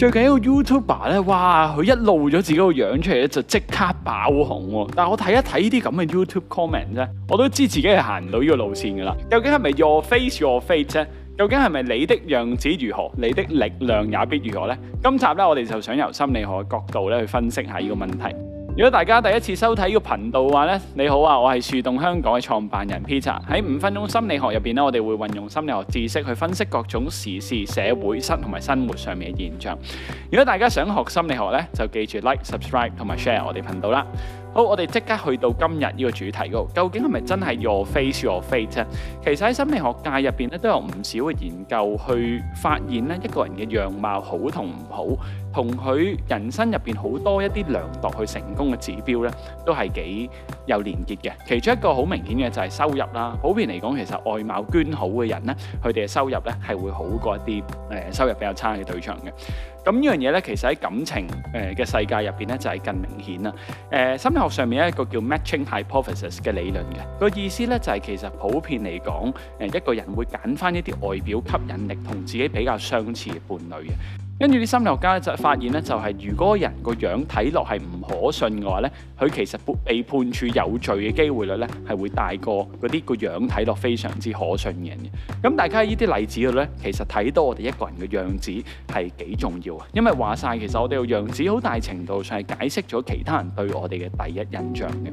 最近一個 YouTuber 咧，哇！佢一露咗自己個樣出嚟咧，就即刻爆紅。但我睇一睇呢啲咁嘅 YouTube comment 啫，我都知自己係行唔到呢個路線噶啦。究竟係咪 Your face, your fate 啫？究竟係咪你的樣子如何，你的力量也必如何呢？今集咧，我哋就想由心理學嘅角度咧去分析下呢個問題。如果大家第一次收睇呢個頻道嘅話呢，你好啊，我係樹洞香港嘅創辦人 Peter，喺五分鐘心理學入邊呢，我哋會運用心理學知識去分析各種時事、社會、生同埋生活上面嘅現象。如果大家想學心理學呢，就記住 like、subscribe 同埋 share 我哋頻道啦。好，我哋即刻去到今日呢個主題嗰度，究竟係咪真係 Your Face, Your Fate 咧？其實喺心理學界入邊咧，都有唔少嘅研究去發現咧，一個人嘅樣貌好同唔好，同佢人生入邊好多一啲量度去成功嘅指標咧，都係幾有連結嘅。其中一個好明顯嘅就係收入啦。普遍嚟講，其實外貌娟好嘅人咧，佢哋嘅收入咧係會好過一啲誒收入比較差嘅對象嘅。咁呢樣嘢咧，其實喺感情誒嘅世界入邊咧，就係更明顯啦。誒、呃，心理學上面有一個叫 matching hypothesis 嘅理論嘅，這個意思咧就係其實普遍嚟講，誒、呃，一個人會揀翻一啲外表吸引力同自己比較相似嘅伴侶嘅。跟住啲心理學家就發現咧，就係、係、如果人個樣睇落係唔可信嘅話咧，佢其實被判處有罪嘅機會率咧係會大過嗰啲個樣睇落非常之可信嘅人嘅。咁、嗯、大家呢啲例子度咧，其實睇到我哋一個人嘅樣子係幾重要啊！因為話晒其實我哋個樣子好大程度上係解釋咗其他人對我哋嘅第一印象嘅。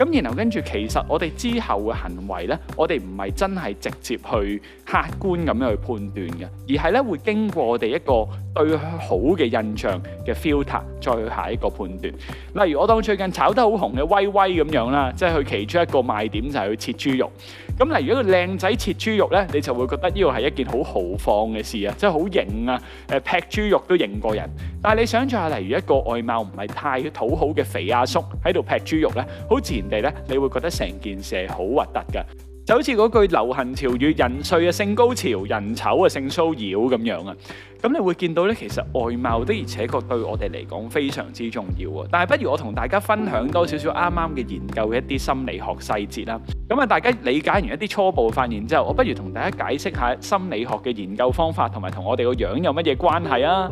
咁然後跟住，其實我哋之後嘅行為呢，我哋唔係真係直接去客觀咁樣去判斷嘅，而係呢會經過我哋一個對好嘅印象嘅 filter 再去下一個判斷。例如我當最近炒得好紅嘅威威咁樣啦，即係佢其中一個賣點就係去切豬肉。咁、嗯、例如一個靚仔切豬肉咧，你就會覺得呢個係一件好豪放嘅事，真啊，即係好型啊！誒，劈豬肉都型過人。但係你想象下，例如一個外貌唔係太討好嘅肥阿叔喺度劈豬肉咧，好自然地咧，你會覺得成件事係好核突㗎。就好似嗰句流行潮語，人帥啊，性高潮，人醜啊，性騷擾咁樣啊，咁你會見到咧，其實外貌的而且確對我哋嚟講非常之重要啊。但係不如我同大家分享多少少啱啱嘅研究一啲心理學細節啦。咁啊，大家理解完一啲初步發現之後，我不如同大家解釋下心理學嘅研究方法，同埋同我哋個樣有乜嘢關係啊？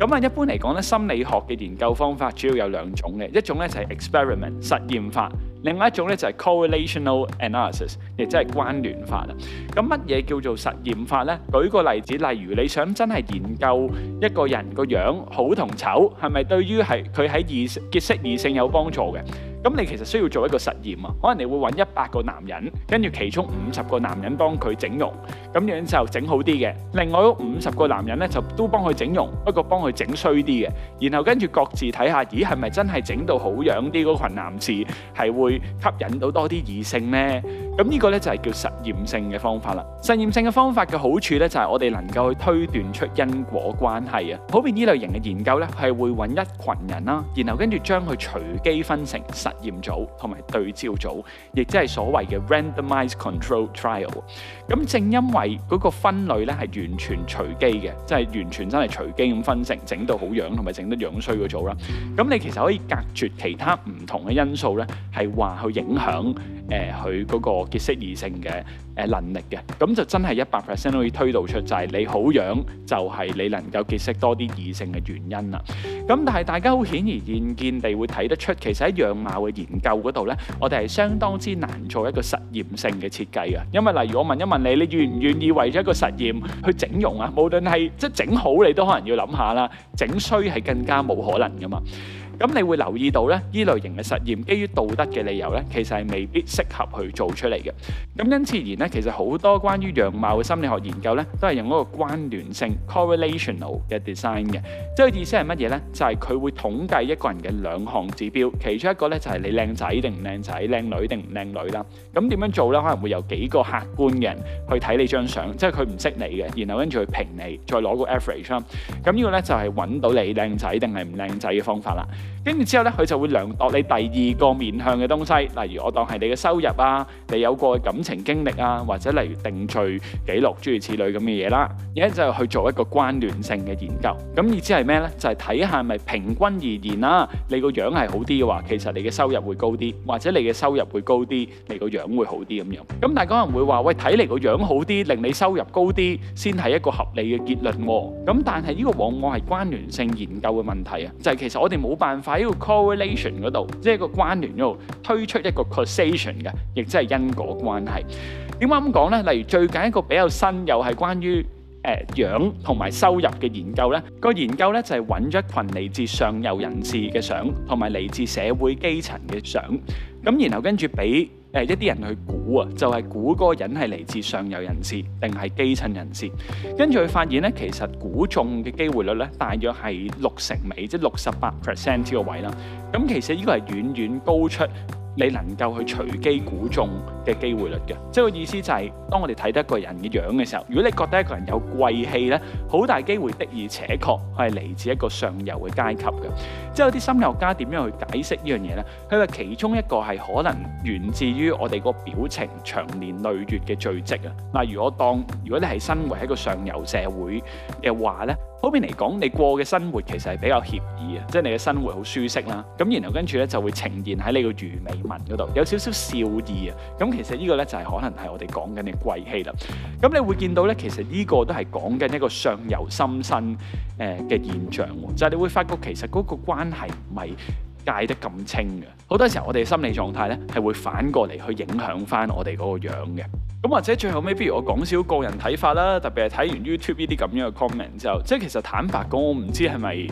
咁啊，一般嚟講咧，心理學嘅研究方法主要有兩種嘅，一種咧就係 experiment 實驗法。另外一種咧就係 correlational analysis，亦即係關聯法啊。咁乜嘢叫做實驗法咧？舉個例子，例如你想真係研究一個人個樣好同醜係咪對於係佢喺異結識異性有幫助嘅？咁你其實需要做一個實驗啊，可能你會揾一百個男人，跟住其中五十個男人幫佢整容，咁樣就整好啲嘅；另外五十個男人呢，就都幫佢整容，不過幫佢整衰啲嘅。然後跟住各自睇下，咦係咪真係整到好樣啲嗰羣男士係會吸引到多啲異性呢。咁、嗯、呢、呢個呢，就係叫實驗性嘅方法啦。實驗性嘅方法嘅好處呢，就係、是、我哋能夠去推斷出因果關係啊。普遍呢類型嘅研究呢，係會揾一群人啦，然後跟住將佢隨機分成，實驗組同埋對照組，亦即係所謂嘅 randomised control trial。咁正因為嗰個分類咧，係完全隨機嘅，即係完全真係隨機咁分成，整到好樣同埋整得樣衰嘅組啦。咁你其實可以隔絕其他唔同嘅因素咧，係話去影響。誒佢嗰個結識異性嘅誒、呃、能力嘅，咁就真係一百 percent 可以推導出就係你好樣就係你能夠結識多啲異性嘅原因啦。咁但係大家好顯而易見地會睇得出，其實喺樣貌嘅研究嗰度呢，我哋係相當之難做一個實驗性嘅設計嘅，因為例如我問一問你，你願唔願意為咗一個實驗去整容啊？無論係即整好你都可能要諗下啦，整衰係更加冇可能㗎嘛。咁你會留意到咧，呢類型嘅實驗，基於道德嘅理由咧，其實係未必適合去做出嚟嘅。咁因此而呢，其實好多關於樣貌嘅心理學研究咧，都係用嗰個關聯性 （correlational） 嘅 design 嘅。即係意思係乜嘢呢？就係佢會統計一個人嘅兩項指標，其中一個咧就係你靚仔定唔靚仔、靚女定唔靚女啦。咁點樣做呢？可能會有幾個客觀嘅人去睇你張相，即係佢唔識你嘅，然後跟住去評你，再攞個 average 啦。咁呢個呢，就係揾到你靚仔定係唔靚仔嘅方法啦。跟住之後呢，佢就會量度你第二個面向嘅東西，例如我當係你嘅收入啊，你有過嘅感情經歷啊，或者例如定罪記錄諸如此類咁嘅嘢啦，而家就去做一個關聯性嘅研究。咁意思係咩呢？就係睇下係咪平均而言啦，你個樣係好啲嘅話，其實你嘅收入會高啲，或者你嘅收入會高啲，你個樣會好啲咁樣。咁但係啲人會話：喂，睇嚟個樣好啲，令你收入高啲，先係一個合理嘅結論喎。咁但係呢個往往係關聯性研究嘅問題啊，就係其實我哋冇辦。喺呢個 correlation 嗰度，即係個關聯嗰度推出一個 causation 嘅，亦即係因果關係。點解咁講呢？例如最近一個比較新又係關於誒樣同埋收入嘅研究呢，個研究呢，就係揾咗一羣嚟自上游人士嘅相，同埋嚟自社會基層嘅相，咁然後跟住俾。誒一啲人去估啊，就係估嗰個人係嚟自上流人士定係基層人士，跟住佢發現咧，其實估中嘅機會率咧，大約係六成尾，即係六十八 percent 呢個位啦。咁其實呢個係遠遠高出你能夠去隨機估中嘅機會率嘅，即係個意思就係、是，當我哋睇得一個人嘅樣嘅時候，如果你覺得一個人有貴氣呢，好大機會的而且確係嚟自一個上游嘅階級嘅。之後有啲心理學家點樣去解釋呢樣嘢呢？佢話其中一個係可能源自於我哋個表情長年累月嘅聚積啊。嗱，如果當如果你係身為一個上游社會嘅話呢。普遍嚟講，你過嘅生活其實係比較愜意啊，即、就、係、是、你嘅生活好舒適啦。咁然後跟住咧就會呈現喺你個魚尾紋嗰度，有少少笑意啊。咁其實呢個咧就係可能係我哋講緊嘅貴氣啦。咁你會見到咧，其實呢個都係講緊一個上游心身誒嘅現象喎，就係、是、你會發覺其實嗰個關係唔係界得咁清嘅。好多時候我哋心理狀態咧係會反過嚟去影響返我哋個樣嘅。咁或者最後，咪不如我講少個人睇法啦。特別係睇完 YouTube 呢啲咁樣嘅 comment 之後，即係其實坦白講，我唔知係咪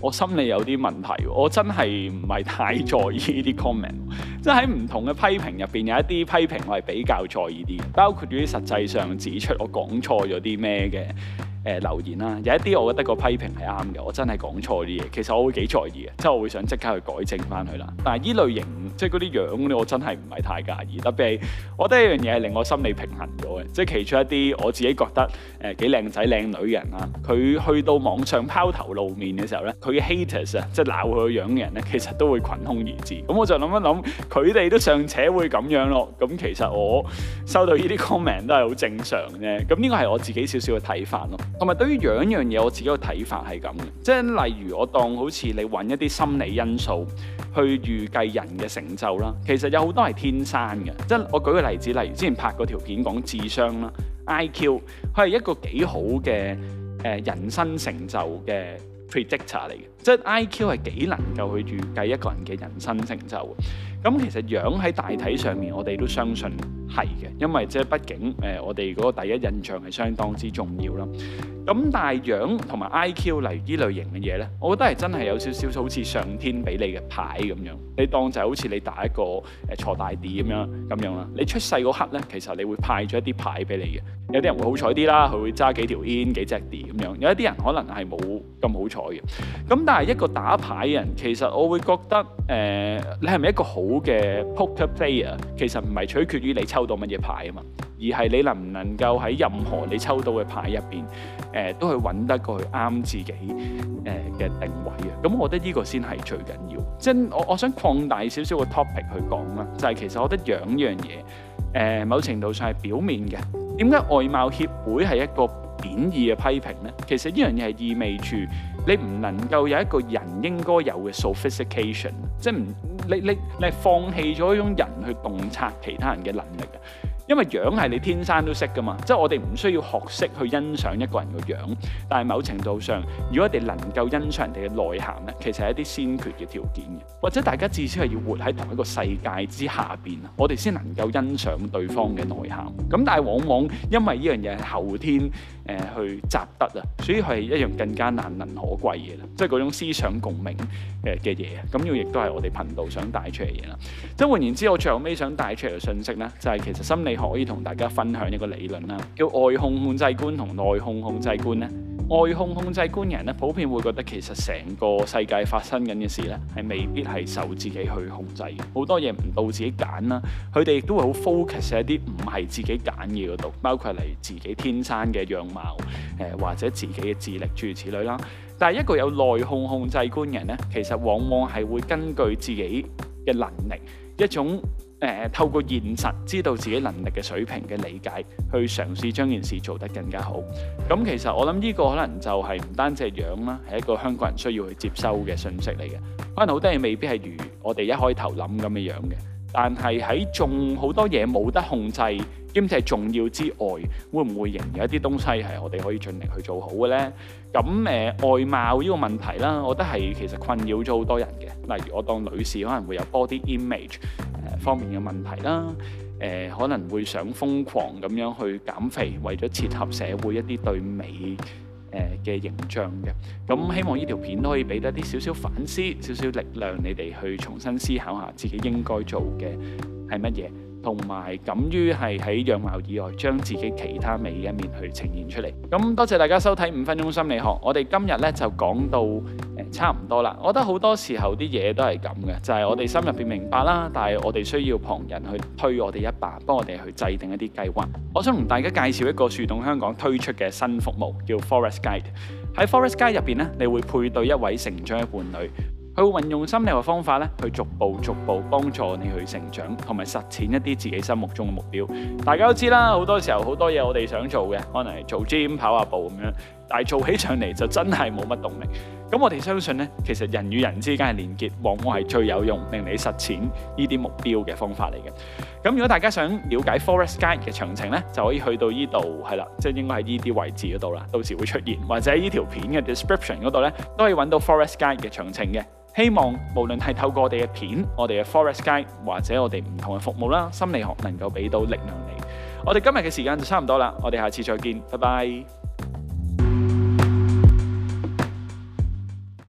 我心理有啲問題。我真係唔係太在意呢啲 comment。即係喺唔同嘅批評入邊，有一啲批評我係比較在意啲，包括於實際上指出我講錯咗啲咩嘅。誒、呃，留言啦，有一啲我覺得個批評係啱嘅，我真係講錯啲嘢，其實我會幾在意嘅，即係我會想即刻去改正翻佢啦。但係依類型即係嗰啲樣嗰啲，我真係唔係太介意。特別係我覺得一樣嘢係令我心理平衡咗嘅，即係其中一啲我自己覺得誒幾靚仔靚女人啦，佢去到網上拋頭露面嘅時候咧，佢 hater 啊，即係鬧佢個樣嘅人咧，其實都會群空而至。咁我就諗一諗，佢哋都尚且會咁樣咯，咁其實我收到呢啲 comment 都係好正常嘅啫。咁呢個係我自己少少嘅睇法咯。同埋對於樣樣嘢，我自己個睇法係咁嘅，即係例如我當好似你揾一啲心理因素去預計人嘅成就啦，其實有好多係天生嘅，即係我舉個例子，例如之前拍條片講智商啦，IQ，佢係一個幾好嘅誒、呃、人生成就嘅 predictor 嚟嘅，即係 IQ 係幾能夠去預計一個人嘅人生成就嘅。咁其實樣喺大體上面，我哋都相信。係嘅，因為即係畢竟誒我哋嗰個第一印象係相當之重要啦。咁大樣同埋 IQ，嚟呢類型嘅嘢咧，我覺得係真係有少少好似上天俾你嘅牌咁樣，你當就好似你打一個誒坐大 D 咁樣咁樣啦。你出世嗰刻咧，其實你會派咗一啲牌俾你嘅。有啲人會好彩啲啦，佢會揸幾條 in 幾隻 D 咁樣，有一啲人可能係冇咁好彩嘅。咁但係一個打牌嘅人，其實我會覺得誒、呃、你係咪一個好嘅 poker player，其實唔係取決於你抽抽到乜嘢牌啊嘛？而係你能唔能夠喺任何你抽到嘅牌入邊誒都去揾得過去啱自己誒嘅、呃、定位啊，咁、嗯、我覺得呢個先係最緊要。即係我我想擴大少少個 topic 去講啦，就係、是、其實我覺得樣樣嘢，誒、呃、某程度上係表面嘅。點解外貌協會係一個貶義嘅批評咧？其實呢樣嘢係意味住你唔能夠有一個人應該有嘅 sophistication，即係唔。你你你放棄咗一種人去洞察其他人嘅能力嘅。因為樣係你天生都識㗎嘛，即係我哋唔需要學識去欣賞一個人個樣，但係某程度上，如果我哋能夠欣賞人哋嘅內涵呢，其實係一啲先決嘅條件嘅。或者大家至少係要活喺同一個世界之下邊，我哋先能夠欣賞對方嘅內涵。咁但係往往因為呢樣嘢係後天誒去習得啊，所以係一樣更加難能可貴嘅啦。即係嗰種思想共鳴嘅嘢啊，咁要亦都係我哋頻道想帶出嚟嘅嘢啦。即係換言之，我最後尾想帶出嚟嘅信息呢，就係其實心理。可以同大家分享一個理論啦，叫外控控制觀同內控控制觀咧。外控控制觀人，咧，普遍會覺得其實成個世界發生緊嘅事咧，係未必係受自己去控制嘅，好多嘢唔到自己揀啦。佢哋亦都會好 focus 喺一啲唔係自己揀嘅嗰度，包括嚟自己天生嘅樣貌，誒或者自己嘅智力諸如此類啦。但係一個有內控控制觀人，咧，其實往往係會根據自己嘅能力一種。誒透過現實知道自己能力嘅水平嘅理解，去嘗試將件事做得更加好。咁其實我諗呢個可能就係唔單止係樣啦，係一個香港人需要去接收嘅信息嚟嘅。可能好多嘢未必係如我哋一開頭諗咁嘅樣嘅，但係喺仲好多嘢冇得控制兼且重要之外，會唔會仍有一啲東西係我哋可以盡力去做好嘅呢？咁誒外貌呢個問題啦，我覺得係其實困擾咗好多人嘅。例如我當女士可能會有 body image。方面嘅問題啦，誒可能會想瘋狂咁樣去減肥，為咗切合社會一啲對美誒嘅形象嘅。咁希望呢條片都可以俾多啲少少反思、少少力量，你哋去重新思考下自己應該做嘅係乜嘢，同埋敢於係喺樣貌以外將自己其他美一面去呈現出嚟。咁多謝大家收睇五分鐘心理學，我哋今日呢就講到。差唔多啦，我覺得好多時候啲嘢都係咁嘅，就係我哋心入邊明白啦，但係我哋需要旁人去推我哋一把，幫我哋去制定一啲計劃。我想同大家介紹一個樹洞香港推出嘅新服務，叫 Forest Guide。喺 Forest Guide 入邊呢，你會配對一位成長嘅伴侶，佢會運用心理學方法呢，去逐步逐步幫助你去成長，同埋實踐一啲自己心目中嘅目標。大家都知啦，好多時候好多嘢我哋想做嘅，可能係做 gym 跑下步咁樣，但係做起上嚟就真係冇乜動力。咁我哋相信咧，其實人與人之間嘅連結，往往係最有用，令你實踐呢啲目標嘅方法嚟嘅。咁如果大家想了解 Forest Guide 嘅詳情咧，就可以去到呢度係啦，即係、就是、應該喺呢啲位置嗰度啦。到時會出現，或者呢條片嘅 description 嗰度咧，都可以揾到 Forest Guide 嘅詳情嘅。希望無論係透過我哋嘅片、我哋嘅 Forest Guide 或者我哋唔同嘅服務啦，心理學能夠俾到力量你。我哋今日嘅時間就差唔多啦，我哋下次再見，拜拜。